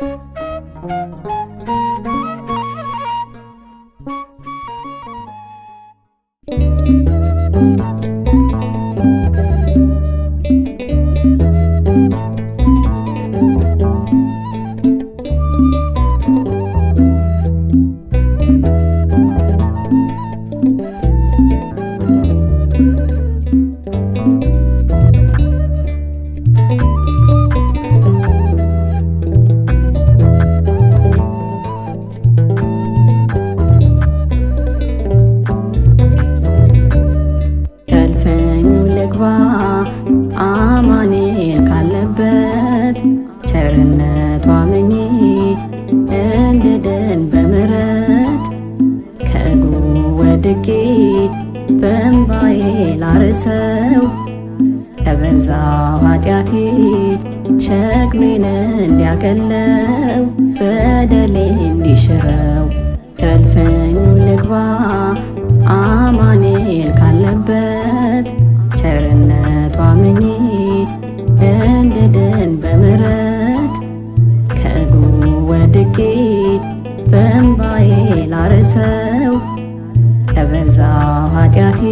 Thank you. አርሰው ከበዛ ኃጢአቴ ሸክሜን እንዲያቀለው በደሌ እንዲሽረው ረድፈኝ ልግባ አማኔል ካለበት ቸርነቷ አምኜ እንድድን በምረት ከእግሩ ወድቄ በእንባዬ ላርሰው ከበዛ ኃጢአቴ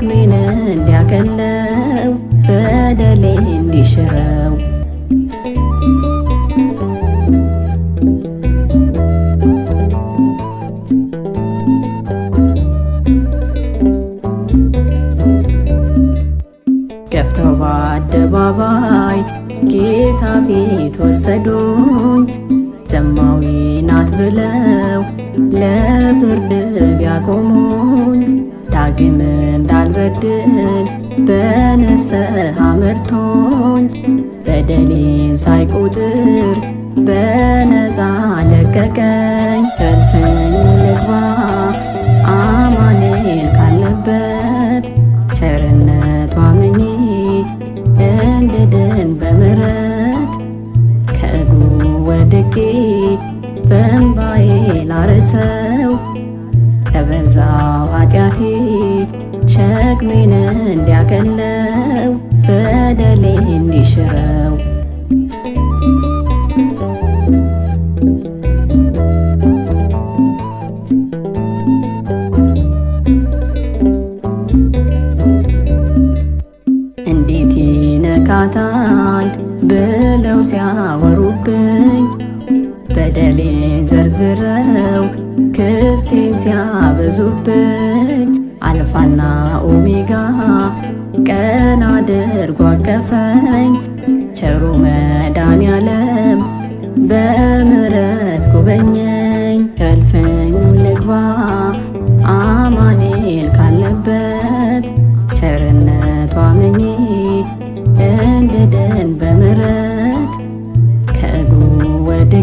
ሸክሜን እንዲያቀለው በደሌ እንዲሽረው ገፍተው በአደባባይ ጌታ ፊት ወሰዱኝ ዘማዊ ናት ብለው ለፍርድ ቢያቆሙኝ ዳግም እንዳልበድል በንስሐ መርቶኝ በደሌን ሳይቆጥር በነፃ ለቀቀኝ ከልፈኝ ልግባ ይተካታል ብለው ሲያወሩብኝ በደሌ ዘርዝረው ክሴን ሲያበዙብኝ አልፋና ኦሜጋ ቀና አድርጎ አቀፈኝ ቸሩ መድኃኔዓለም በምሕረት ጎበኘኝ ከልፈኝ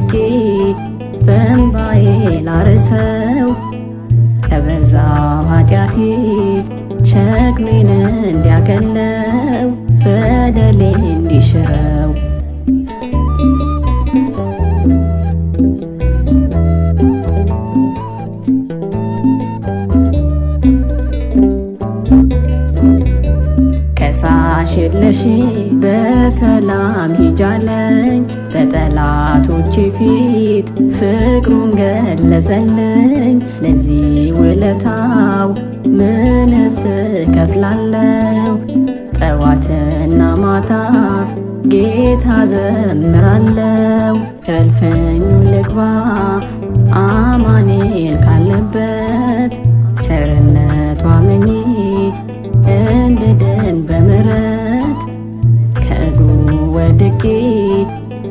አድርጌ በእንባዬ ላርሰው ከበዛ ኃጢአቴ ሸክሜን እንዲያቀለው ሽልሽ በሰላም ሂጃለኝ በጠላቶቼ ፊት ፍቅሩን ገለጸልኝ። ለዚህ ውለታው ምንስ ከፍላለው? ጠዋትና ማታ ጌታ ዘምራለው። ከልፈኝ ልግባ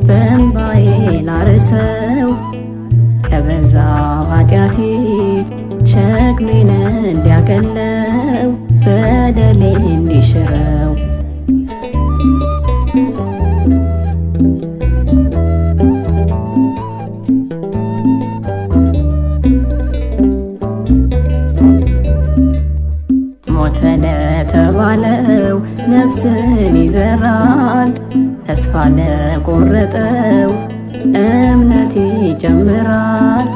በእንባዬ ላርሰው ከበዛ ኃጢአቴ ሸክሜን እንዲያቀለው በደሌ እንዲሽረው ሞተ ለተባለው ነፍስን ይዘራል ተስፋ ለቆረጠው እምነት ይጨምራል።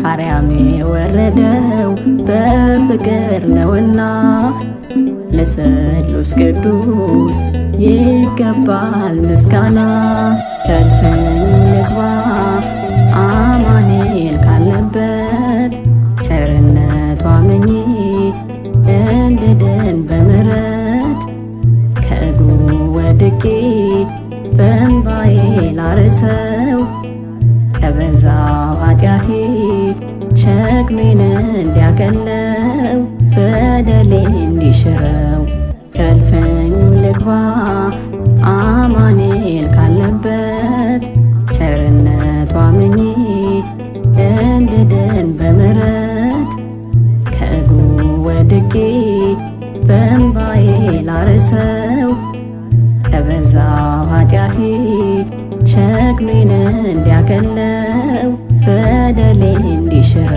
ካርያም የወረደው በፍቅር ነውና ለሥሉስ ቅዱስ ይገባል ምስጋና። ሸልፈን ንግባ አማኔል ካለበት ቸርነቱ አምኜ እንድድን በምሕረት ከእግሩ ወድቄ እንዲያርሰው ከበዛ ኃጢአቴ ሸክሜን እንዲያቀለው በደሌ እንዲሽረው ከልፈኝ ልግባ አማኔል ካለበት ቸርነቱ አምኜ እንድድን በምሕረት ከእግሩ ወድቄ በእምባዬ ላርሰው ከበዛ ኃጢአቴ አክሊል እንዲያከለው በደሌ እንዲሽረ